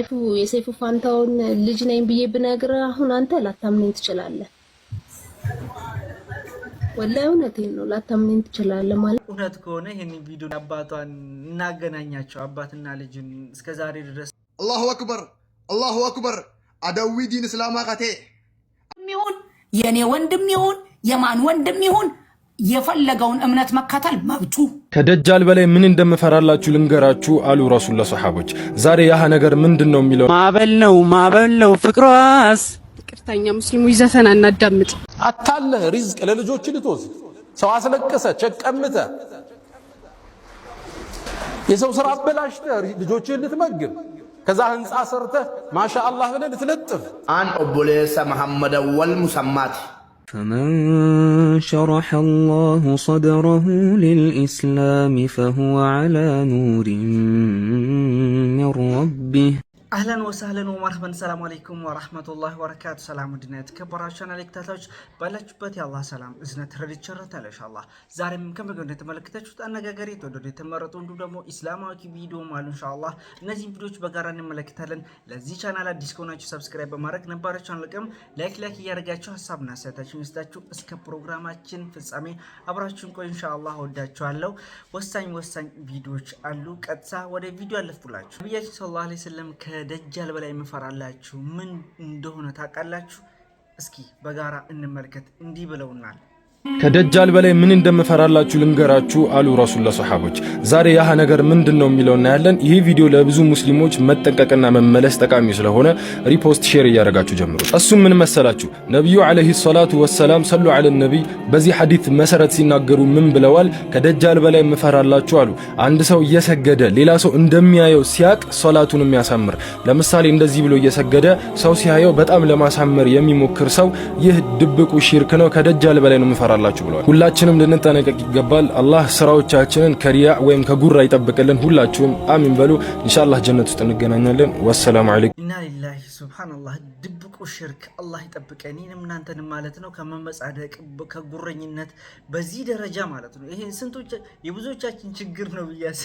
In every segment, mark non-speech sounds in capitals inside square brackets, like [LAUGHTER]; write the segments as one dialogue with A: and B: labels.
A: ሰይፉ የሰይፉ ፋንታውን ልጅ ነኝ ብዬ ብነግር አሁን አንተ ላታምነኝ ትችላለህ። ወላሂ እውነት ነው፣ ላታምነኝ ትችላለህ። ማለት
B: እውነት ከሆነ ይሄን ቪዲዮ አባቷን እናገናኛቸው፣ አባትና ልጅን እስከዛሬ ድረስ
C: አላሁ አክበር፣ አላሁ አክበር። አዳዊ ዲን እስላማ ካቴ
D: የኔ ወንድም ይሁን የማን ወንድም ይሁን የፈለገውን እምነት መከተል መብቱ።
E: ከደጃል በላይ ምን እንደምፈራላችሁ ልንገራችሁ አሉ ረሱል ለሰሓቦች። ዛሬ ያህ ነገር ምንድን ነው የሚለው
F: ማዕበል ነው ማዕበል ነው ፍቅሯስ።
G: ቅርተኛ ሙስሊሙ ይዘፈን እናዳምጥ
H: አታለ ሪዝቅ ለልጆች ልትወስድ ሰው አስለቀሰ ቸቀምተ የሰው ስራ አበላሽተ ልጆች ልትመግብ ከዛ ህንፃ ሰርተ ማሻ አላህ ብለ ልትለጥፍ
I: አን ኦቦሌሰ መሐመደ ወልሙሰማት
J: فمن شرح الله صدره للإسلام فهو على نور من ربه
K: አህለን ወሳህለን ወመርሐበን ሰላም አለይኩም ወራህመቱላሂ ወበረካቱ። ሰላም ውድና የተከበራችሁ ቻናል ተከታታዮች ባላችሁበት የአላህ ሰላም እዝነት ረድቸረት ያለሽ ዛሬም ከመገብ እንደተመለከታችሁት አነጋጋሪ የተወደዱ የተመረጡ እንዲሁም ደግሞ ኢስላማዊ ቪዲዮ አሉ ኢንሻአላህ። እነዚህን ቪዲዮዎች በጋራ እንመለከታለን። ለዚህ ቻናል አዲስ ከሆናችሁ ሰብስክራይብ በማድረግ ነባራችሁን ልቀም ላይክ ላይክ እያደረጋችሁ ሀሳብና አስተያየታችሁን ይስጣችሁ። እስከ ፕሮግራማችን ፍጻሜ አብራችሁን ቆይ ኢንሻአላህ። ወዳችኋለሁ። ወሳኝ ወሳኝ ቪዲዮዎች አሉ። ቀጥታ ወደ ቪዲዮ አለፍኩላችሁ። ነቢያችን ሰለላሁ ዐለይሂ ወሰለም ከደጃል በላይ የምፈራላችሁ ምን እንደሆነ ታውቃላችሁ? እስኪ በጋራ እንመልከት። እንዲህ ብለውናል።
E: ከደጃል በላይ ምን እንደምፈራላችሁ ልንገራችሁ አሉ ረሱላ ለሰሓቦች። ዛሬ ያህ ነገር ምንድን ነው የሚለው እናያለን። ይህ ቪዲዮ ለብዙ ሙስሊሞች መጠንቀቅና መመለስ ጠቃሚ ስለሆነ ሪፖስት፣ ሼር እያደረጋችሁ ጀምሩ። እሱም ምን መሰላችሁ? ነቢዩ ዓለይሂ ሰላቱ ወሰላም ሰሉ ዓለ ነቢይ በዚህ ሐዲት መሰረት ሲናገሩ ምን ብለዋል? ከደጃል በላይ ምፈራላችሁ አሉ። አንድ ሰው እየሰገደ ሌላ ሰው እንደሚያየው ሲያቅ ሰላቱን የሚያሳምር ለምሳሌ እንደዚህ ብሎ እየሰገደ ሰው ሲያየው በጣም ለማሳመር የሚሞክር ሰው ይህ ድብቁ ሺርክ ነው። ከደጃል በላይ ነው ትማራላችሁ ብለዋል። ሁላችንም ልንጠነቀቅ ይገባል። አላህ ስራዎቻችንን ከሪያ ወይም ከጉራ ይጠብቅልን። ሁላችሁም አሚን በሉ። ኢንሻአላህ ጀነት ውስጥ እንገናኛለን። ወሰላሙ አለይኩም።
L: ኢና ሊላሂ ሱብሃንአላህ። ድብቁ ሽርክ አላህ ይጠብቀን፣ እኔንም እናንተንም ማለት ነው። ከመመጻደቅ ከጉረኝነት በዚህ ደረጃ ማለት ነው። ይሄን ስንቶች የብዙዎቻችን ችግር ነው ብያስ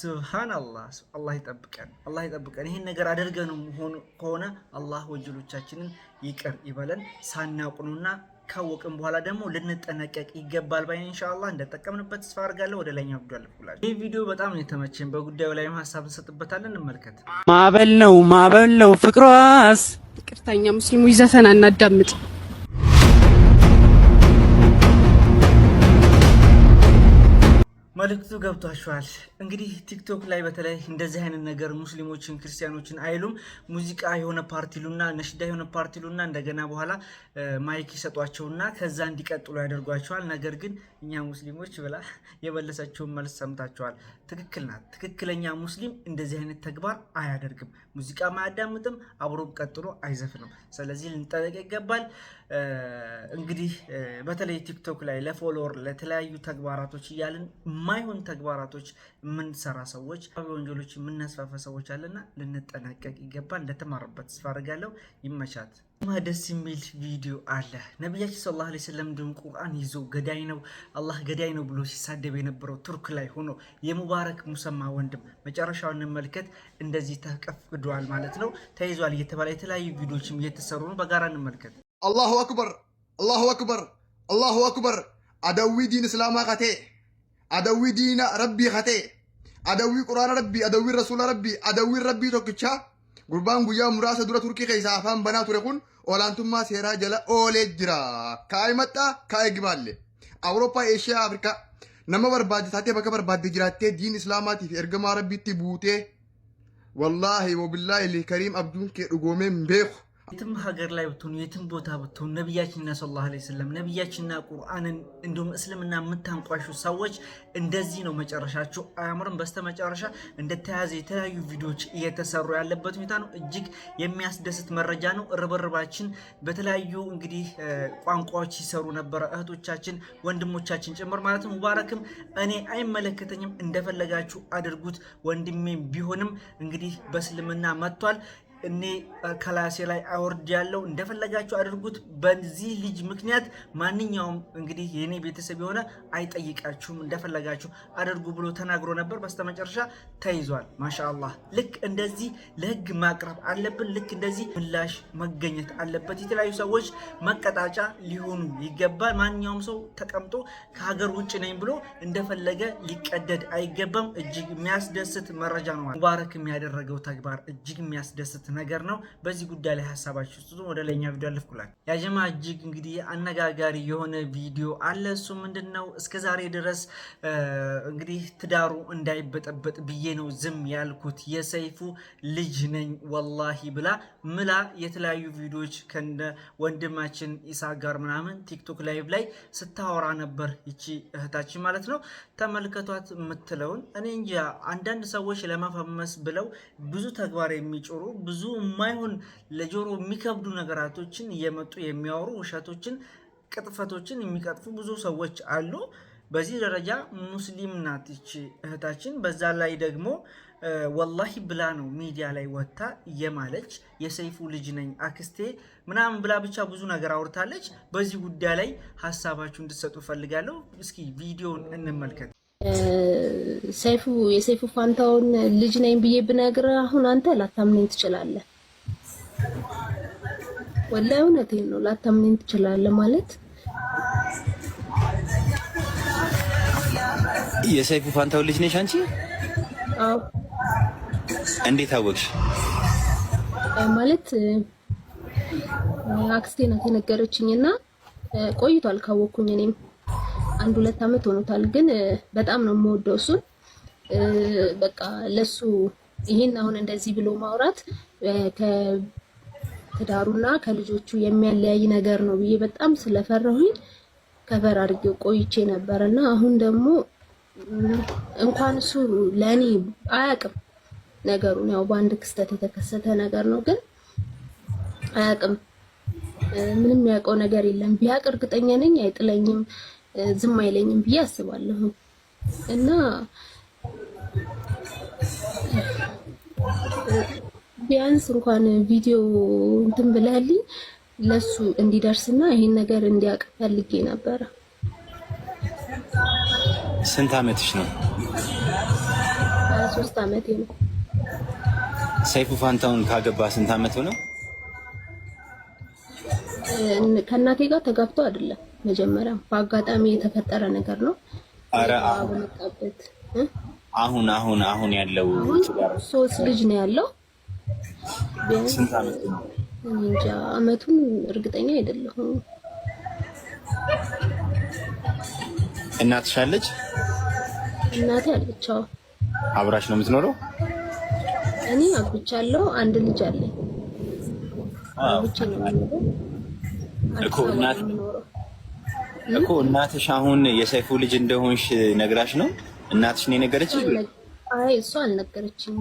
L: ሱብሃነላህ። አላህ ይጠብቀን፣ አላህ ይጠብቀን። ይሄን ነገር አደርገን ከሆነ አላህ ወንጀሎቻችንን ይቅር ይበለን። ሳናውቅ ነውና ካወቅን በኋላ ደግሞ ልንጠነቀቅ ይገባል ባይ እንሻላ እንደጠቀምንበት ተስፋ አድርጋለሁ። ወደ ላይኛ ጉዳይ አልፍኩላችሁ። ይህ ቪዲዮ በጣም ነው የተመቸን። በጉዳዩ ላይ ሀሳብ እንሰጥበታለን። እንመልከት።
F: ማዕበል ነው ማዕበል ነው ፍቅሯስ።
G: ይቅርታኛ ሙስሊሙ ይዘፈን እናዳምጥ።
L: መልእክቱ ገብቷችኋል። እንግዲህ ቲክቶክ ላይ በተለይ እንደዚህ አይነት ነገር ሙስሊሞችን ክርስቲያኖችን አይሉም። ሙዚቃ የሆነ ፓርቲሉና ነሽዳ የሆነ ፓርቲሉና እንደገና በኋላ ማይክ ይሰጧቸውና ከዛ እንዲቀጥሉ ያደርጓቸዋል። ነገር ግን እኛ ሙስሊሞች ብላ [LAUGHS] የመለሰችውን መልስ ሰምታቸዋል። ትክክል ናት። ትክክለኛ ሙስሊም እንደዚህ አይነት ተግባር አያደርግም። ሙዚቃም አያዳምጥም፣ አብሮም ቀጥሎ አይዘፍንም። ስለዚህ ልንጠበቅ ይገባል። እንግዲህ በተለይ ቲክቶክ ላይ ለፎሎወር ለተለያዩ ተግባራቶች እያልን የማይሆን ተግባራቶች የምንሰራ ሰዎች ወንጀሎች የምናስፋፋ ሰዎች አለና ልንጠናቀቅ ይገባል። እንደተማረበት ተስፋ አድርጋለሁ። ይመቻት።
M: ደስ የሚል ቪዲዮ አለ። ነቢያችን ሰለላሁ ዓለይሂ ወሰለም ድን ቁርአን ይዞ ገዳይ ነው አላህ ገዳይ ነው ብሎ ሲሳደብ የነበረው ቱርክ ላይ ሆኖ የሙባረክ ሙሰማ ወንድም መጨረሻውን እንመልከት። እንደዚህ ተቀፍዷል ማለት ነው፣ ተይዟል እየተባለ የተለያዩ ቪዲዮዎችም እየተሰሩ ነው። በጋራ እንመልከት።
C: አላሁ አክበር፣ አላሁ አክበር፣ አላሁ አክበር አደዊ ዲን እስላማ ከቴ አደዊ ዲና ረቢ ከቴ adawi quraana rabbi adawi rasuula rabbi adawi rabbi tokkicha gurbaan guyyaa muraasa dura turkii keessa afaan banaa ture kun olaantummaa seeraa jala oolee jira kaa'ee maxxaa kaa'ee gibaalle awurooppaa eeshiyaa afrikaa nama barbaadde taatee bakka barbaadde jiraattee diin islaamaatiif ergamaa rabbiitti buutee wallaahi wobillaahi kariim abduun kee dhugoomee hin beeku
L: የትም ሀገር ላይ ብትሆኑ የትም ቦታ ብትሆኑ ነቢያችንና ሰለላሁ ዐለይሂ ወሰለም ነቢያችንና ቁርአንን እንዲሁም እስልምና የምታንቋሹ ሰዎች እንደዚህ ነው መጨረሻችሁ አያምርም። በስተመጨረሻ እንደተያዘ የተለያዩ ቪዲዮዎች እየተሰሩ ያለበት ሁኔታ ነው። እጅግ የሚያስደስት መረጃ ነው። ርብርባችን በተለያዩ እንግዲህ ቋንቋዎች ሲሰሩ ነበረ እህቶቻችን፣ ወንድሞቻችን ጭምር ማለት ነው። ሙባረክም እኔ አይመለከተኝም እንደፈለጋችሁ አድርጉት ወንድሜም ቢሆንም እንግዲህ በእስልምና መጥቷል። እኔ ከላሴ ላይ አወርድ ያለው እንደፈለጋችሁ አድርጉት። በዚህ ልጅ ምክንያት ማንኛውም እንግዲህ የእኔ ቤተሰብ የሆነ አይጠይቃችሁም፣ እንደፈለጋችሁ አድርጉ ብሎ ተናግሮ ነበር። በስተመጨረሻ ተይዟል። ማሻአላህ። ልክ እንደዚህ ለህግ ማቅረብ አለብን። ልክ እንደዚህ ምላሽ መገኘት አለበት። የተለያዩ ሰዎች መቀጣጫ ሊሆኑ ይገባል። ማንኛውም ሰው ተቀምጦ ከሀገር ውጭ ነኝ ብሎ እንደፈለገ ሊቀደድ አይገባም። እጅግ የሚያስደስት መረጃ ነው። ሙባረክ የሚያደረገው ተግባር እጅግ የሚያስደስት ነገር ነው። በዚህ ጉዳይ ላይ ሀሳባችሁ ስጡ። ወደ ላይኛ ቪዲዮ አለፍኩላል። ያጀማ እጅግ እንግዲህ አነጋጋሪ የሆነ ቪዲዮ አለ። እሱ ምንድን ነው? እስከ ዛሬ ድረስ እንግዲህ ትዳሩ እንዳይበጠበጥ ብዬ ነው ዝም ያልኩት የሰይፉ ልጅ ነኝ ወላሂ ብላ ምላ የተለያዩ ቪዲዮዎች ከነ ወንድማችን ኢሳ ጋር ምናምን ቲክቶክ ላይቭ ላይ ስታወራ ነበር ይቺ እህታችን ማለት ነው። ተመልከቷት የምትለውን እኔ እንጂ አንዳንድ ሰዎች ለመፈመስ ብለው ብዙ ተግባር የሚጭሩ ብዙ ብዙ የማይሆን ለጆሮ የሚከብዱ ነገራቶችን እየመጡ የሚያወሩ ውሸቶችን፣ ቅጥፈቶችን የሚቀጥፉ ብዙ ሰዎች አሉ። በዚህ ደረጃ ሙስሊም ናትች እህታችን። በዛ ላይ ደግሞ ወላሂ ብላ ነው ሚዲያ ላይ ወጥታ የማለች የሰይፉ ልጅ ነኝ አክስቴ ምናምን ብላ ብቻ ብዙ ነገር አውርታለች። በዚህ ጉዳይ ላይ ሀሳባችሁ እንድትሰጡ እፈልጋለሁ። እስኪ ቪዲዮን እንመልከት።
A: ሰይፉ የሰይፉ ፋንታውን ልጅ ነኝ ብዬ ብነግር አሁን አንተ ላታምነኝ ትችላለህ። ወላሂ እውነቴን ነው። ላታምነኝ ትችላለህ ማለት
N: የሰይፉ ፋንታውን ልጅ ነሽ አንቺ? አዎ። እንዴት አወቅሽ?
A: ማለት አክስቴ ናት የነገረችኝና ቆይቷል ካወቅኩኝ እኔም አንድ ሁለት ዓመት ሆኖታል፣ ግን በጣም ነው የምወደው እሱን። በቃ ለሱ ይሄን አሁን እንደዚህ ብሎ ማውራት ከትዳሩና ከልጆቹ የሚያለያይ ነገር ነው ብዬ በጣም ስለፈረሁኝ ከበር አድርጌው ቆይቼ ነበር እና አሁን ደግሞ እንኳን እሱ ለእኔ አያውቅም ነገሩን። ያው በአንድ ክስተት የተከሰተ ነገር ነው፣ ግን አያውቅም። ምንም ያውቀው ነገር የለም። ቢያውቅ እርግጠኛ ነኝ አይጥለኝም። ዝም አይለኝም ብዬ አስባለሁ እና ቢያንስ እንኳን ቪዲዮ እንትን ብላልኝ ለሱ እንዲደርስና ይሄን ነገር እንዲያውቅ ፈልጌ ነበረ።
N: ስንት አመትሽ ነው?
A: ሶስት አመቴ ነው።
N: ሰይፉ ፋንታውን ካገባ ስንት አመት ነው?
A: ከእናቴ ጋር ተጋብቶ አይደለም መጀመሪያ በአጋጣሚ የተፈጠረ ነገር ነው።
N: በመጣበት አሁን አሁን አሁን ያለው
A: ሶስት ልጅ ነው ያለው። እንጃ አመቱን እርግጠኛ አይደለሁም።
N: እናትሽ አለች?
A: እናቴ አለች። አዎ።
N: አብራሽ ነው የምትኖረው?
A: እኔ አግብቻለሁ። አንድ ልጅ አለኝ። አዎ።
N: እኮ እናት እኮ እናትሽ አሁን የሰይፉ ልጅ እንደሆንሽ ነግራሽ ነው? እናትሽ ነው የነገረችሽ?
A: አይ እሷ አልነገረችኝ።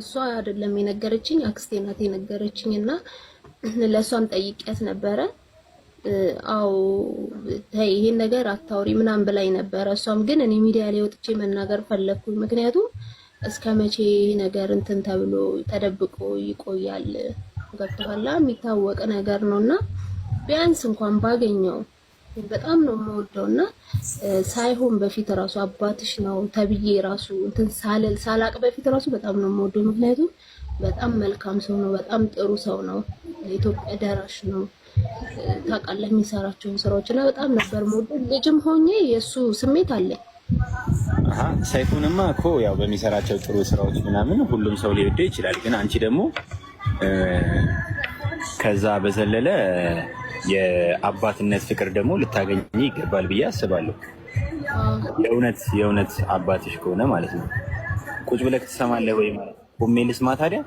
A: እሷ አይደለም የነገረችኝ፣ አክስቴ ናት የነገረችኝ። እና ለእሷም ጠይቂያት ነበረ። አዎ ይሄን ነገር አታውሪ ምናምን ብላኝ ነበረ። እሷም ግን እኔ ሚዲያ ላይ ወጥቼ መናገር ፈለግኩኝ። ምክንያቱም እስከ መቼ ይሄ ነገር እንትን ተብሎ ተደብቆ ይቆያል? ገብቶሃል? የሚታወቅ ነገር ነው እና ቢያንስ እንኳን ባገኘው በጣም ነው የምወደው እና ሳይሆን በፊት ራሱ አባትሽ ነው ተብዬ ራሱ እንትን ሳለል ሳላቅ በፊት ራሱ በጣም ነው የምወደው። ምክንያቱም በጣም መልካም ሰው ነው። በጣም ጥሩ ሰው ነው። ለኢትዮጵያ ደራሽ ነው። ታውቃለህ የሚሰራቸውን ስራዎች እና በጣም ነበር የምወደው። ልጅም ሆኜ የእሱ ስሜት አለኝ።
N: ሳይሆንማ እኮ ያው በሚሰራቸው ጥሩ ስራዎች ምናምን ሁሉም ሰው ሊወደው ይችላል። ግን አንቺ ደግሞ ከዛ በዘለለ የአባትነት ፍቅር ደግሞ ልታገኝ ይገባል ብዬ አስባለሁ። የእውነት የእውነት አባትሽ ከሆነ ማለት ነው። ቁጭ ብለህ ትሰማለህ ወይ ቆሜ ልስማ ታዲያ?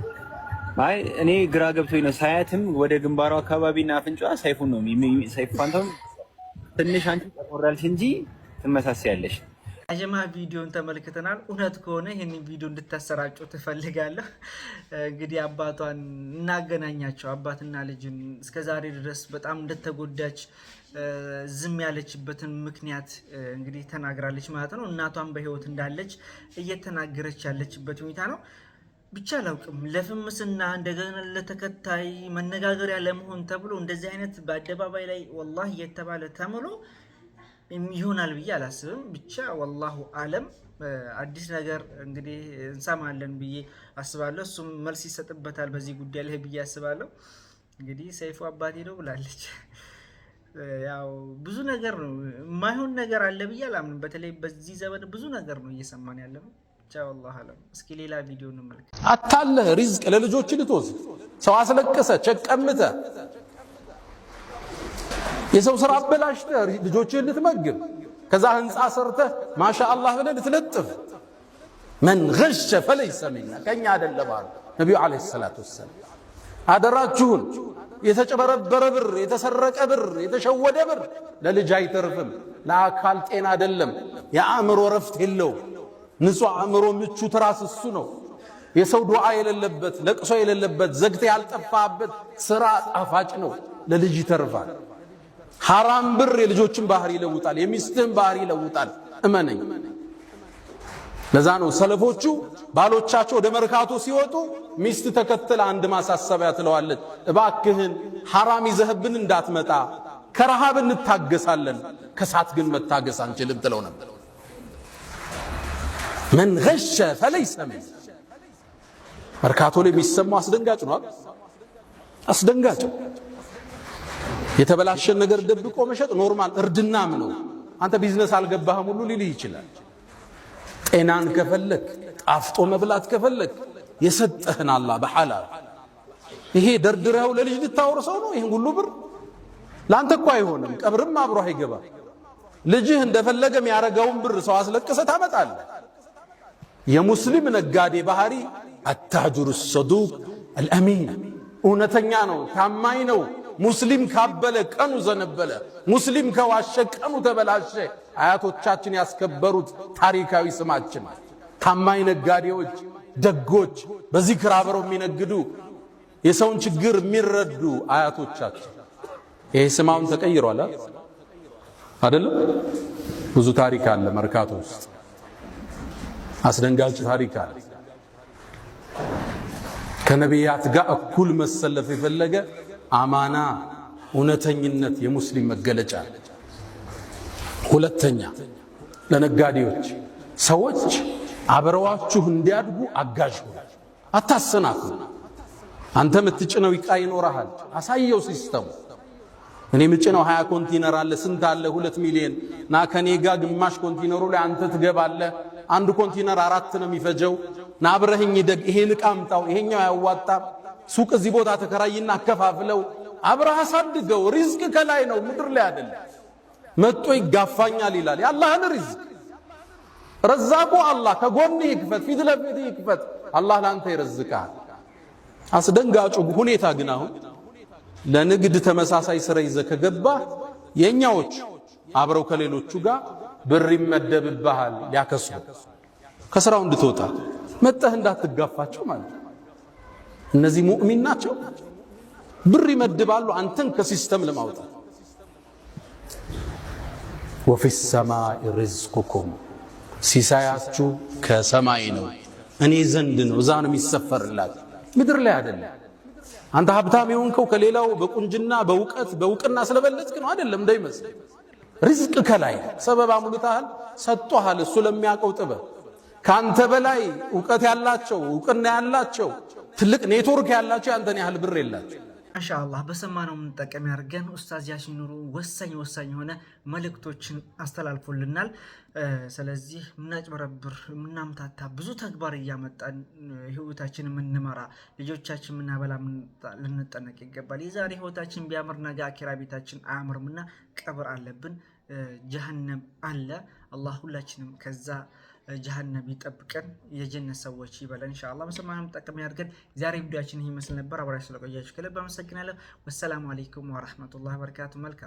N: አይ እኔ ግራ ገብቶኝ ነው። ሳያትም ወደ ግንባሯ አካባቢና አፍንጫ ሳይፉን ነው ሰይፉ ፋንታሁን ትንሽ አንቺ ጠቆራልሽ እንጂ ትመሳሳያለሽ
L: አጀማ ቪዲዮን ተመልክተናል። እውነት ከሆነ ይህንን ቪዲዮ እንድታሰራጩ ትፈልጋለሁ። [LAUGHS] እንግዲህ አባቷን እናገናኛቸው። አባትና ልጅን እስከዛሬ ድረስ በጣም እንደተጎዳች ዝም ያለችበትን ምክንያት እንግዲህ ተናግራለች ማለት ነው። እናቷን በህይወት እንዳለች እየተናገረች ያለችበት ሁኔታ ነው። ብቻ አላውቅም። ለፍምስና እንደገና ለተከታይ መነጋገሪያ ለመሆን ተብሎ እንደዚህ አይነት በአደባባይ ላይ ወላህ እየተባለ ተምሎ ይሆናል ብዬ አላስብም። ብቻ ወላሁ አለም አዲስ ነገር እንግዲህ እንሰማለን ብዬ አስባለሁ። እሱም መልስ ይሰጥበታል በዚህ ጉዳይ ላይ ብዬ አስባለሁ። እንግዲህ ሰይፉ አባቴ ነው ብላለች። ያው ብዙ ነገር ነው የማይሆን ነገር አለ ብዬ አላምንም። በተለይ በዚህ ዘመን ብዙ ነገር ነው እየሰማን ያለ ነው። ብቻ ወላሁ አለም። እስኪ ሌላ ቪዲዮ እንመልከት።
C: አታለህ ሪዝቅ ለልጆች ልትወስድ ሰው አስለቅሰ ቸቀምተ የሰው ስራ አበላሽተህ ልጆችህን ልትመግብ ከዛ ህንፃ ሰርተህ ማሻ አላህ ብለህ ልትለጥፍ። መን ገሸ ፈለይሰ ሚና ከእኛ አይደለም አሉ ነቢዩ ዓለይሂ ሰላቱ ወሰላም። አደራችሁን የተጨበረበረ ብር፣ የተሰረቀ ብር፣ የተሸወደ ብር ለልጅ አይተርፍም። ለአካል ጤና አይደለም፣ የአእምሮ ረፍት የለውም። ንጹሕ አእምሮ ምቹ ትራስ እሱ ነው። የሰው ዱዓ የሌለበት ለቅሶ የሌለበት ዘግተ ያልጠፋበት ስራ ጣፋጭ ነው፣ ለልጅ ይተርፋል። ሐራም ብር የልጆችን ባህሪ ይለውጣል፣ የሚስትህን ባህሪ ይለውጣል። እመነኝ። ለዛ ነው ሰለፎቹ ባሎቻቸው ወደ መርካቶ ሲወጡ ሚስት ተከትል አንድ ማሳሰቢያ ትለዋለች፣ እባክህን ሐራም ይዘህብን እንዳትመጣ፣ ከረሃብ እንታገሳለን፣ ከሳት ግን መታገስ አንችልም ትለው ነበር። መን ገሸ ፈለይሰ ሚን። መርካቶ ላይ የሚሰማው አስደንጋጭ ነው፣ አስደንጋጭ የተበላሸን ነገር ደብቆ መሸጥ ኖርማል እርድናም ነው። አንተ ቢዝነስ አልገባህም ሁሉ ሊልህ ይችላል። ጤናን ከፈለግ ጣፍጦ መብላት ከፈለግ የሰጠህን አላህ በሐላል ይሄ ደርድረው ለልጅ ልታወርሰው ነው። ይህን ሁሉ ብር ለአንተ እኮ አይሆንም፣ ቀብርም አብሮ አይገባ። ልጅህ እንደፈለገ የሚያረገውን ብር ሰው አስለቅሰ ታመጣለህ። የሙስሊም ነጋዴ ባህሪ አታጅሩ ሰዱቅ አልአሚን እውነተኛ ነው፣ ታማኝ ነው። ሙስሊም ካበለ ቀኑ ዘነበለ፣ ሙስሊም ከዋሸ ቀኑ ተበላሸ። አያቶቻችን ያስከበሩት ታሪካዊ ስማችን ታማኝ ነጋዴዎች፣ ደጎች፣ በዚክር አብረው የሚነግዱ የሰውን ችግር የሚረዱ አያቶቻችን። ይሄ ስማውን ተቀይሯል አይደለም? ብዙ ታሪክ አለ። መርካቶ ውስጥ አስደንጋጭ ታሪክ አለ። ከነቢያት ጋር እኩል መሰለፍ የፈለገ አማና እውነተኝነት የሙስሊም መገለጫ። ሁለተኛ ለነጋዴዎች ሰዎች አብረዋችሁ እንዲያድጉ አጋዥ ሆኑ፣ አታሰናክሉ። አንተ የምትጭነው ዕቃ ይኖረሃል፣ አሳየው ሲስተሙ። እኔ ምጭነው ሀያ ኮንቲነር አለ፣ ስንት አለ? ሁለት ሚሊዮን ና ከኔ ጋ ግማሽ ኮንቲነሩ ላይ አንተ ትገባለህ። አንድ ኮንቲነር አራት ነው የሚፈጀው። ና አብረህኝ ደግ፣ ይሄን ዕቃ አምጣው፣ ይሄኛው አያዋጣም ሱቅ እዚህ ቦታ ተከራይና አከፋፍለው አብረህ አሳድገው። ሪዝቅ ከላይ ነው፣ ምድር ላይ አይደለም። መጦ ይጋፋኛል ይላል። የአላህን ሪዝቅ ረዛቁ አላህ ከጎንህ ይክፈት፣ ፊት ለፊት ይክፈት። አላህ ላንተ ይረዝቃል። አስደንጋጩ ሁኔታ ግን አሁን ለንግድ ተመሳሳይ ስራ ይዘ ከገባ የእኛዎች አብረው ከሌሎቹ ጋር ብር ይመደብብሃል ሊያከስሩ ከስራው እንድትወጣ መጠህ እንዳትጋፋቸው ማለት እነዚህ ሙእሚን ናቸው። ብር ይመድባሉ አንተን ከሲስተም ለማውጣት። ወፊ ሰማይ ሪዝቁኩም ሲሳያችሁ ከሰማይ ነው፣ እኔ ዘንድ ነው። እዛ ነው የሚሰፈርላት፣ ምድር ላይ አይደለም። አንተ ሀብታም የሆንከው ከሌላው በቁንጅና በእውቀት በእውቅና ስለበለጥክ ነው አይደለም እንዳይመስል። ሪዝቅ ከላይ ሰበብ አሙልታህል ሰጥቶሃል። እሱ ለሚያውቀው ጥበብ ከአንተ በላይ እውቀት ያላቸው እውቅና ያላቸው ትልቅ ኔትወርክ ያላቸው ያንተን ያህል ብር የላቸው።
L: ማሻአላህ በሰማነው የምንጠቀም ያድርገን። ኡስታዝ ያሲን ኑሩ ወሳኝ ወሳኝ የሆነ መልእክቶችን አስተላልፎልናል። ስለዚህ የምናጭበረብር የምናምታታ ብዙ ተግባር እያመጣን ህይወታችን የምንመራ ልጆቻችን የምናበላ ልንጠነቅ ይገባል። የዛሬ ህይወታችን ቢያምር ነገ አኪራ ቤታችን አያምርምና ቀብር አለብን፣ ጀሀነም አለ። አላህ ሁላችንም ከዛ ጀሃነም ይጠብቀን፣ የጀነት ሰዎች ይበለን። እንሻላ መሰማንም ጠቅም ያድርገን። ዛሬ ቪዲዮችን ይህ ይመስል ነበር። አብራችሁ ስለቆያችሁ ከልብ አመሰግናለሁ። ወሰላሙ አሌይኩም ወራህመቱላሂ በረካቱ መልካም